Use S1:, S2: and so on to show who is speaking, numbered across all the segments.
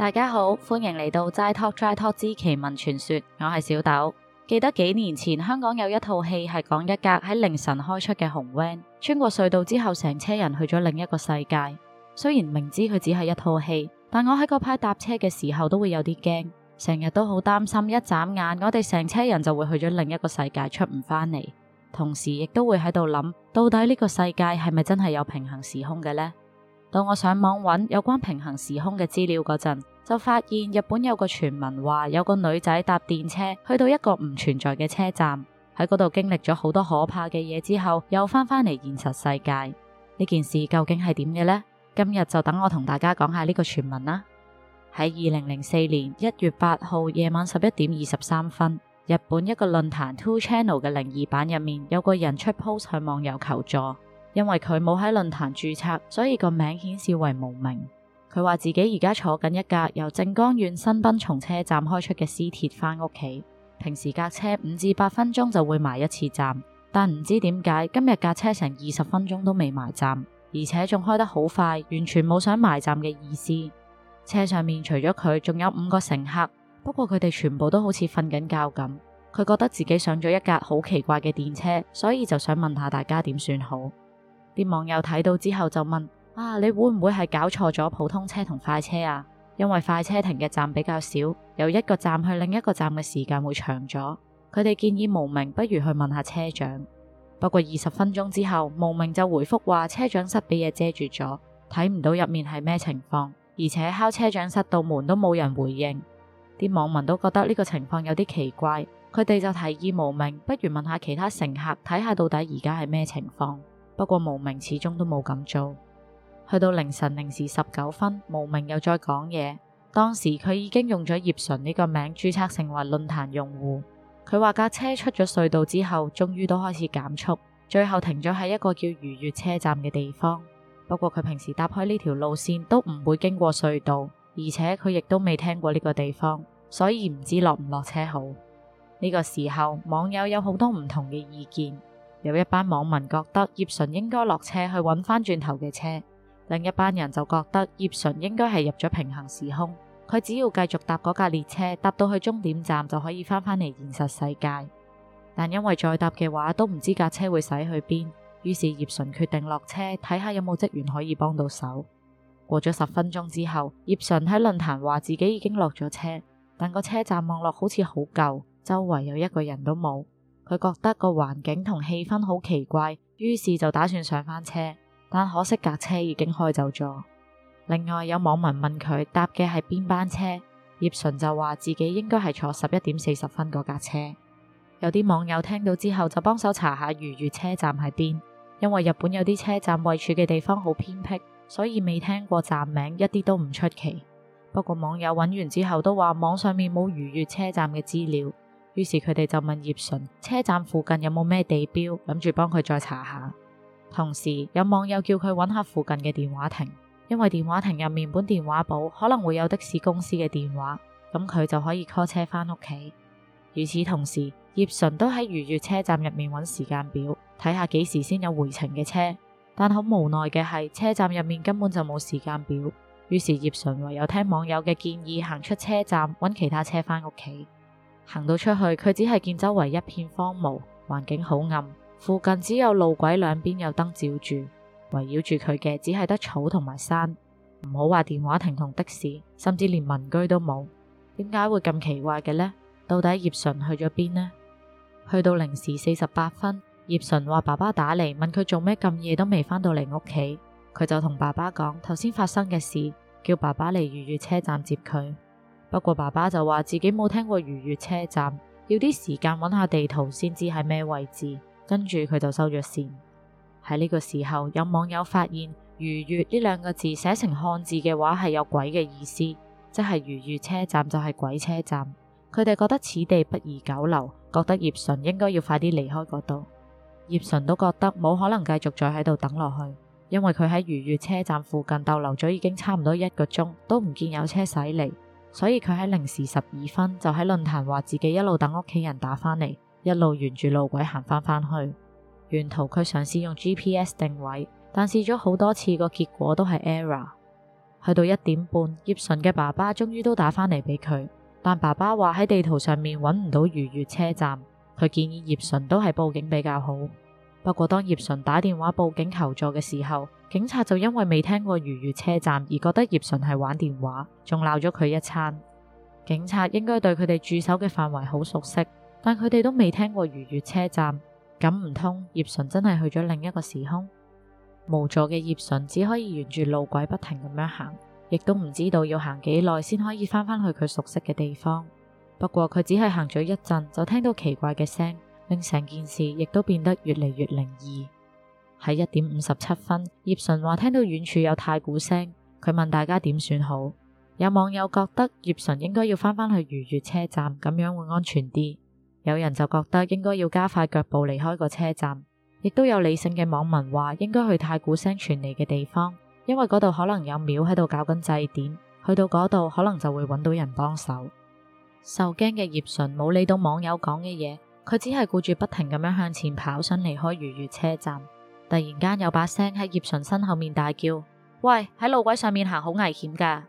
S1: 大家好，歡迎嚟到齋 talk 齋 talk 之奇聞傳說，我係小豆。記得幾年前香港有一套戲係講一架喺凌晨開出嘅紅 van，穿過隧道之後，成車人去咗另一個世界。雖然明知佢只係一套戲，但我喺嗰排搭車嘅時候都會有啲驚，成日都好擔心，一眨眼我哋成車人就會去咗另一個世界，出唔返嚟。同時亦都會喺度諗，到底呢個世界係咪真係有平行時空嘅呢？到我上網揾有關平行時空嘅資料嗰陣，就發現日本有個傳聞話，有個女仔搭電車去到一個唔存在嘅車站，喺嗰度經歷咗好多可怕嘅嘢之後，又翻返嚟現實世界。呢件事究竟係點嘅呢？今日就等我同大家講下呢個傳聞啦。喺二零零四年一月八號夜晚十一點二十三分，日本一個論壇 Two Channel 嘅靈異版入面，有個人出 post 向網友求助。因為佢冇喺論壇註冊，所以個名顯示為無名。佢話自己而家坐緊一架由靜岡縣新賓從車站開出嘅私鐵返屋企。平時架車五至八分鐘就會埋一次站，但唔知點解今日架車成二十分鐘都未埋站，而且仲開得好快，完全冇想埋站嘅意思。車上面除咗佢，仲有五個乘客，不過佢哋全部都好似瞓緊覺咁。佢覺得自己上咗一架好奇怪嘅電車，所以就想問下大家點算好。啲網友睇到之後就問：啊，你會唔會係搞錯咗普通車同快車啊？因為快車停嘅站比較少，由一個站去另一個站嘅時間會長咗。佢哋建議無名不如去問下車長。不過二十分鐘之後，無名就回覆話：車長室俾嘢遮住咗，睇唔到入面係咩情況，而且敲車長室度門都冇人回應。啲網民都覺得呢個情況有啲奇怪，佢哋就提議無名不如問下其他乘客睇下到底而家係咩情況。不過無名始終都冇咁做。去到凌晨零時十九分，無名又再講嘢。當時佢已經用咗葉純呢個名註冊成為論壇用戶。佢話架車出咗隧道之後，終於都開始減速，最後停咗喺一個叫如月車站嘅地方。不過佢平時搭開呢條路線都唔會經過隧道，而且佢亦都未聽過呢個地方，所以唔知落唔落車好。呢個時候，網友有好多唔同嘅意見。有一班網民覺得葉純應該落車去搵翻轉頭嘅車，另一班人就覺得葉純應該係入咗平行時空，佢只要繼續搭嗰架列車，搭到去終點站就可以翻返嚟現實世界。但因為再搭嘅話都唔知架車會駛去邊，於是葉純決定落車睇下有冇職員可以幫到手。過咗十分鐘之後，葉純喺論壇話自己已經落咗車，但個車站望落好似好舊，周圍又一個人都冇。佢覺得個環境同氣氛好奇怪，於是就打算上翻車，但可惜架車已經開走咗。另外有網民問佢搭嘅係邊班車，葉純就話自己應該係坐十一點四十分嗰架車。有啲網友聽到之後就幫手查下如月車站喺邊，因為日本有啲車站位處嘅地方好偏僻，所以未聽過站名一啲都唔出奇。不過網友揾完之後都話網上面冇如月車站嘅資料。於是佢哋就問葉純車站附近有冇咩地標，諗住幫佢再查下。同時有網友叫佢揾下附近嘅電話亭，因為電話亭入面本電話簿可能會有的士公司嘅電話，咁佢就可以 call 車翻屋企。與此同時，葉純都喺如月車站入面揾時間表，睇下幾時先有回程嘅車。但好無奈嘅係，車站入面根本就冇時間表。於是葉純唯有聽網友嘅建議，行出車站揾其他車翻屋企。行到出去，佢只係見周圍一片荒蕪，環境好暗，附近只有路軌兩邊有燈照住，圍繞住佢嘅只係得草同埋山，唔好話電話亭同的士，甚至連民居都冇。點解會咁奇怪嘅呢？到底葉純去咗邊呢？去到零時四十八分，葉純話爸爸打嚟問佢做咩咁夜都未翻到嚟屋企，佢就同爸爸講頭先發生嘅事，叫爸爸嚟如月車站接佢。不過爸爸就話自己冇聽過如月車站，要啲時間揾下地圖先知喺咩位置。跟住佢就收咗線。喺呢個時候，有網友發現如月呢兩個字寫成漢字嘅話係有鬼嘅意思，即係如月車站就係鬼車站。佢哋覺得此地不宜久留，覺得葉純應該要快啲離開嗰度。葉純都覺得冇可能繼續再喺度等落去，因為佢喺如月車站附近逗留咗已經差唔多一個鐘，都唔見有車駛嚟。所以佢喺零時十二分就喺論壇話自己一路等屋企人打返嚟，一路沿住路軌行返返去。沿途佢嘗試用 GPS 定位，但試咗好多次個結果都係 error。去到一點半，葉純嘅爸爸終於都打返嚟俾佢，但爸爸話喺地圖上面揾唔到如月車站，佢建議葉純都係報警比較好。不過當葉純打電話報警求助嘅時候，警察就因為未聽過如月車站而覺得葉純係玩電話，仲鬧咗佢一餐。警察應該對佢哋駐守嘅範圍好熟悉，但佢哋都未聽過如月車站，咁唔通葉純真係去咗另一個時空？無助嘅葉純只可以沿住路軌不停咁樣行，亦都唔知道要行幾耐先可以翻返去佢熟悉嘅地方。不過佢只係行咗一陣，就聽到奇怪嘅聲，令成件事亦都變得越嚟越靈異。喺一點五十七分，葉純話聽到遠處有太鼓聲，佢問大家點算好？有網友覺得葉純應該要翻返去如月車站，咁樣會安全啲。有人就覺得應該要加快腳步離開個車站，亦都有理性嘅網民話應該去太鼓聲傳嚟嘅地方，因為嗰度可能有廟喺度搞緊祭典，去到嗰度可能就會揾到人幫手。受驚嘅葉純冇理到網友講嘅嘢，佢只係顧住不停咁樣向前跑，想離開如月車站。突然間有把聲喺葉純身後面大叫：喂！喺路軌上面行好危險噶。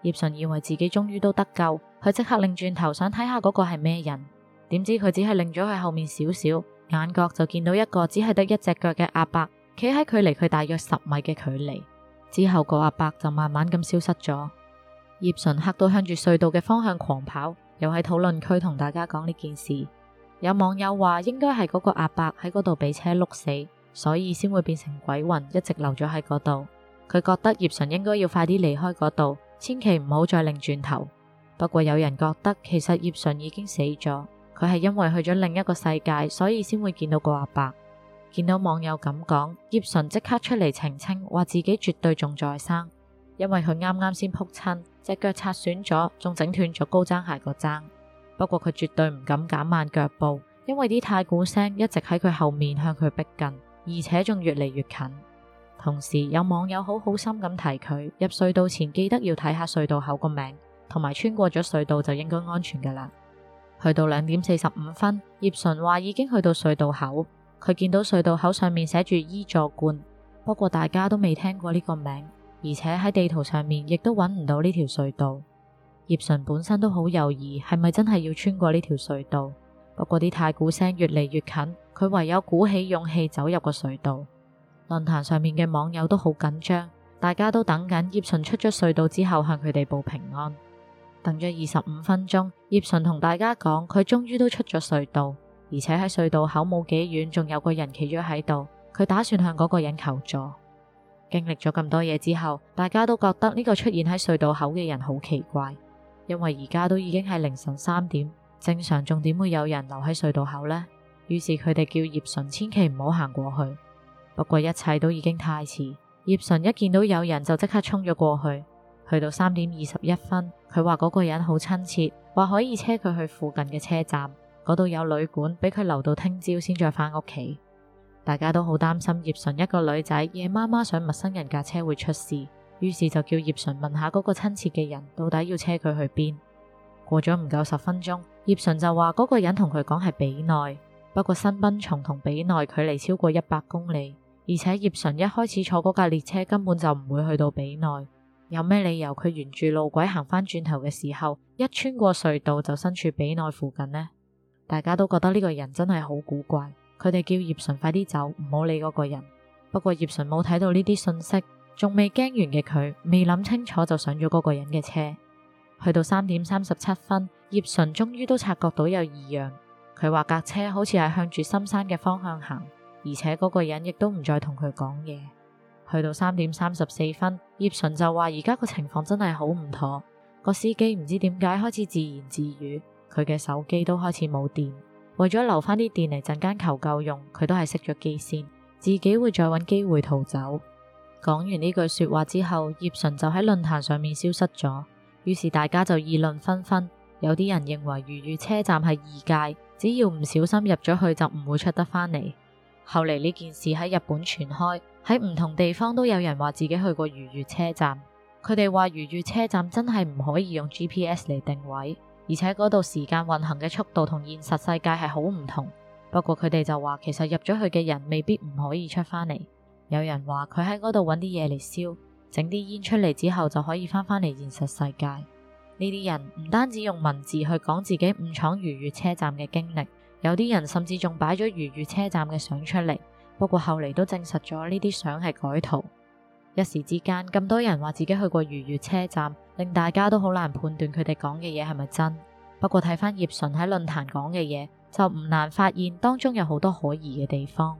S1: 葉純以為自己終於都得救，佢即刻擰轉，轉頭想睇下嗰個係咩人，點知佢只係擰咗去後面少少，眼角就見到一個只係得一隻腳嘅阿伯企喺距離佢大約十米嘅距離。之後個阿伯就慢慢咁消失咗。葉純嚇到向住隧道嘅方向狂跑，又喺討論區同大家講呢件事。有網友話應該係嗰個阿伯喺嗰度俾車碌死。所以先會變成鬼魂，一直留咗喺嗰度。佢覺得葉純應該要快啲離開嗰度，千祈唔好再擰轉頭。不過有人覺得其實葉純已經死咗，佢係因為去咗另一個世界，所以先會見到個阿伯。見到網友咁講，葉純即刻出嚟澄清，話自己絕對仲在生，因為佢啱啱先撲親隻腳擦損咗，仲整斷咗高踭鞋個踭。不過佢絕對唔敢減慢腳步，因為啲太鼓聲一直喺佢後面向佢逼近。而且仲越嚟越近，同時有網友好好心咁提佢入隧道前記得要睇下隧道口個名，同埋穿過咗隧道就應該安全㗎喇。去到兩點四十五分，葉純話已經去到隧道口，佢見到隧道口上面寫住伊座冠，不過大家都未聽過呢個名，而且喺地圖上面亦都揾唔到呢條隧道。葉純本身都好猶豫，係咪真係要穿過呢條隧道？不過啲太鼓聲越嚟越近，佢唯有鼓起勇氣走入個隧道。論壇上面嘅網友都好緊張，大家都等緊葉純出咗隧道之後向佢哋報平安。等咗二十五分鐘，葉純同大家講佢終於都出咗隧道，而且喺隧道口冇幾遠，仲有個人企咗喺度。佢打算向嗰個人求助。經歷咗咁多嘢之後，大家都覺得呢個出現喺隧道口嘅人好奇怪，因為而家都已經係凌晨三點。正常仲點會有人留喺隧道口咧？於是佢哋叫葉純千祈唔好行過去。不過一切都已經太遲，葉純一見到有人就即刻衝咗過去。去到三點二十一分，佢話嗰個人好親切，話可以車佢去附近嘅車站，嗰度有旅館俾佢留到聽朝先再翻屋企。大家都好擔心葉純一個女仔夜媽媽上陌生人架車會出事，於是就叫葉純問下嗰個親切嘅人到底要車佢去邊？過咗唔夠十分鐘。葉純就話嗰個人同佢講係比內，不過新賓從同比內距離超過一百公里，而且葉純一開始坐嗰架列車根本就唔會去到比內，有咩理由佢沿住路軌行翻轉頭嘅時候，一穿過隧道就身處比內附近呢？大家都覺得呢個人真係好古怪，佢哋叫葉純快啲走，唔好理嗰個人。不過葉純冇睇到呢啲信息，仲未驚完嘅佢，未諗清楚就上咗嗰個人嘅車。去到三點三十七分，葉純終於都察覺到有異樣。佢話架車好似係向住深山嘅方向行，而且嗰個人亦都唔再同佢講嘢。去到三點三十四分，葉純就話而家個情況真係好唔妥。個司機唔知點解開始自言自語，佢嘅手機都開始冇電。為咗留翻啲電嚟陣間求救用，佢都係熄咗機先。自己會再搵機會逃走。講完呢句說話之後，葉純就喺論壇上面消失咗。於是大家就議論紛紛，有啲人認為如月車站係異界，只要唔小心入咗去就唔會出得翻嚟。後嚟呢件事喺日本傳開，喺唔同地方都有人話自己去過如月車站。佢哋話如月車站真係唔可以用 GPS 嚟定位，而且嗰度時間運行嘅速度同現實世界係好唔同。不過佢哋就話其實入咗去嘅人未必唔可以出翻嚟。有人話佢喺嗰度揾啲嘢嚟燒。整啲煙出嚟之後就可以翻返嚟現實世界。呢啲人唔單止用文字去講自己誤闖如月車站嘅經歷，有啲人甚至仲擺咗如月車站嘅相出嚟。不過後嚟都證實咗呢啲相係改圖。一時之間咁多人話自己去過如月車站，令大家都好難判斷佢哋講嘅嘢係咪真。不過睇翻葉純喺論壇講嘅嘢，就唔難發現當中有好多可疑嘅地方。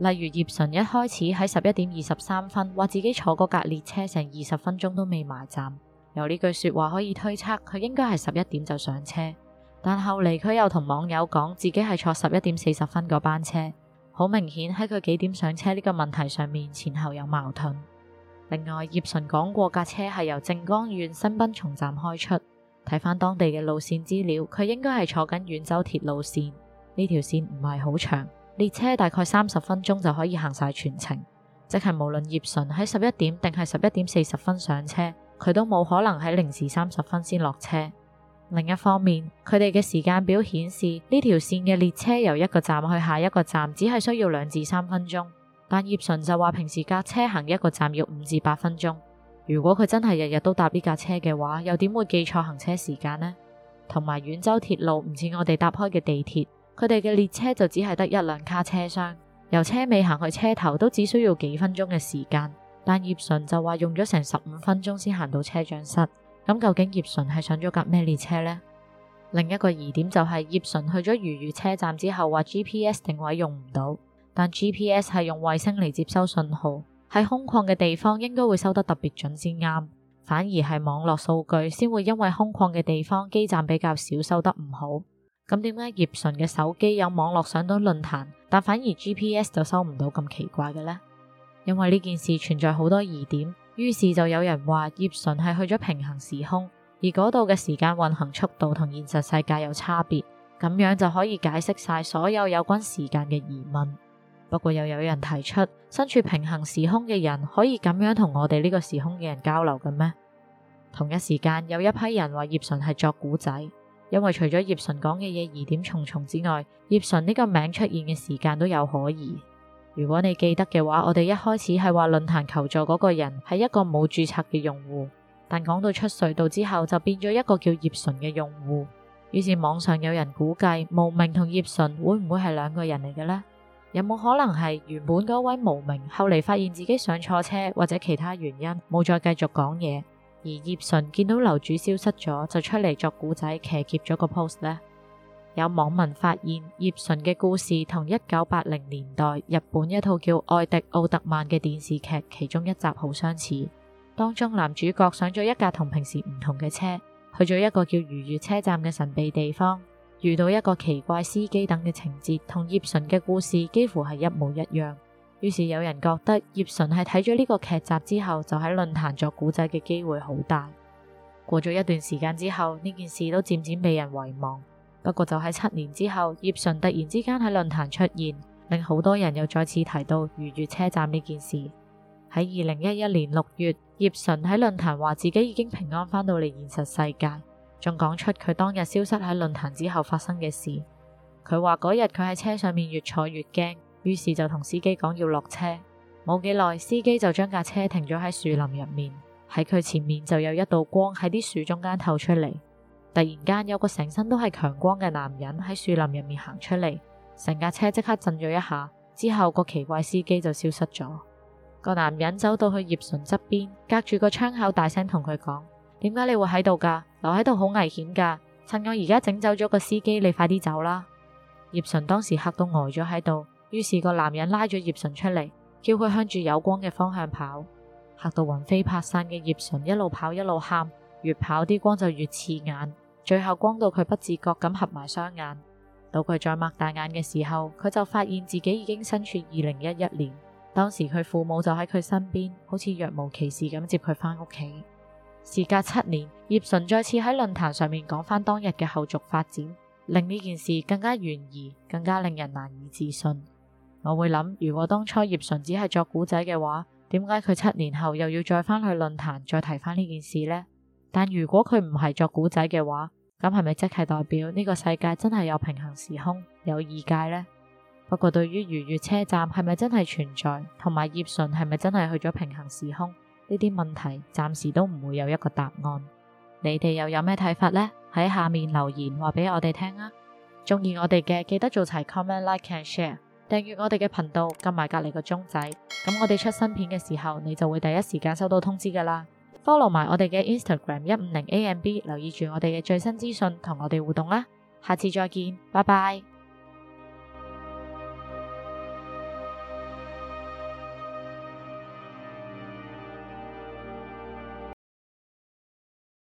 S1: 例如葉純一開始喺十一點二十三分話自己坐嗰架列車成二十分鐘都未埋站，由呢句說話可以推測佢應該係十一點就上車。但後嚟佢又同網友講自己係坐十一點四十分嗰班車，好明顯喺佢幾點上車呢個問題上面前後有矛盾。另外葉純講過架車係由靜岡縣新濱松站開出，睇返當地嘅路線資料，佢應該係坐緊遠州鐵路線，呢條線唔係好長。列車大概三十分鐘就可以行晒全程，即係無論葉純喺十一點定係十一點四十分上車，佢都冇可能喺零時三十分先落車。另一方面，佢哋嘅時間表顯示，呢條線嘅列車由一個站去下一個站只係需要兩至三分鐘，但葉純就話平時架車行一個站要五至八分鐘。如果佢真係日日都搭呢架車嘅話，又點會記錯行車時間呢？同埋，遠州鐵路唔似我哋搭開嘅地鐵。佢哋嘅列車就只係得一輛卡車廂，由車尾行去車頭都只需要幾分鐘嘅時間。但葉純就話用咗成十五分鐘先行到車長室。咁究竟葉純係上咗架咩列車呢？另一個疑點就係葉純去咗如月車站之後話 GPS 定位用唔到，但 GPS 係用衛星嚟接收信號，喺空曠嘅地方應該會收得特別準先啱，反而係網絡數據先會因為空曠嘅地方基站比較少，收得唔好。咁點解葉純嘅手機有網絡上到論壇，但反而 GPS 就收唔到咁奇怪嘅呢？因為呢件事存在好多疑點，於是就有人話葉純係去咗平行時空，而嗰度嘅時間運行速度同現實世界有差別，咁樣就可以解釋晒所有有關時間嘅疑問。不過又有人提出身處平行時空嘅人可以咁樣同我哋呢個時空嘅人交流嘅咩？同一時間有一批人話葉純係作古仔。因為除咗葉純講嘅嘢疑點重重之外，葉純呢個名出現嘅時間都有可疑。如果你記得嘅話，我哋一開始係話論壇求助嗰個人係一個冇注冊嘅用戶，但講到出隧道之後就變咗一個叫葉純嘅用戶。於是網上有人估計，無名同葉純會唔會係兩個人嚟嘅呢？有冇可能係原本嗰位無名，後嚟發現自己上錯車或者其他原因，冇再繼續講嘢？而葉純見到樓主消失咗，就出嚟作古仔，騎劫咗個 post 呢。有網民發現葉純嘅故事同一九八零年代日本一套叫《愛迪奧特曼》嘅電視劇其中一集好相似，當中男主角上咗一架同平時唔同嘅車，去咗一個叫如月車站嘅神秘地方，遇到一個奇怪司機等嘅情節，同葉純嘅故事幾乎係一模一樣。於是有人覺得葉純係睇咗呢個劇集之後，就喺論壇作古仔嘅機會好大。過咗一段時間之後，呢件事都漸漸被人遺忘。不過就喺七年之後，葉純突然之間喺論壇出現，令好多人又再次提到如月車站呢件事。喺二零一一年六月，葉純喺論壇話自己已經平安返到嚟現實世界，仲講出佢當日消失喺論壇之後發生嘅事。佢話嗰日佢喺車上面越坐越驚。於是就同司機講要落車，冇幾耐，司機就將架車停咗喺樹林入面。喺佢前面就有一道光喺啲樹中間透出嚟。突然間有個成身都係強光嘅男人喺樹林入面行出嚟，成架車即刻震咗一下。之後個奇怪司機就消失咗。個男人走到去葉純側邊，隔住個窗口大聲同佢講：點解你會喺度㗎？留喺度好危險㗎。趁我而家整走咗個司機，你快啲走啦。葉純當時吓到呆咗喺度。於是個男人拉咗葉純出嚟，叫佢向住有光嘅方向跑，吓到魂飛魄散嘅葉純一路跑一路喊，越跑啲光就越刺眼，最後光到佢不自覺咁合埋雙眼。到佢再擘大眼嘅時候，佢就發現自己已經身處二零一一年，當時佢父母就喺佢身邊，好似若無其事咁接佢返屋企。時隔七年，葉純再次喺論壇上面講返當日嘅後續發展，令呢件事更加懸疑，更加令人難以置信。我會諗，如果當初葉純只係作古仔嘅話，點解佢七年後又要再返去論壇再提翻呢件事呢？但如果佢唔係作古仔嘅話，咁係咪即係代表呢個世界真係有平行時空，有異界呢？不過對於如月車站係咪真係存在，同埋葉純係咪真係去咗平行時空呢啲問題，暫時都唔會有一個答案。你哋又有咩睇法呢？喺下面留言話俾我哋聽啊！中意我哋嘅記得做齊 comment、like and share。訂閱我哋嘅頻道，撳埋隔籬個鐘仔，咁我哋出新片嘅時候，你就會第一時間收到通知㗎喇。Follow 埋我哋嘅 Instagram 一五零 AMB，留意住我哋嘅最新資訊，同我哋互動啦。下次再見，拜拜。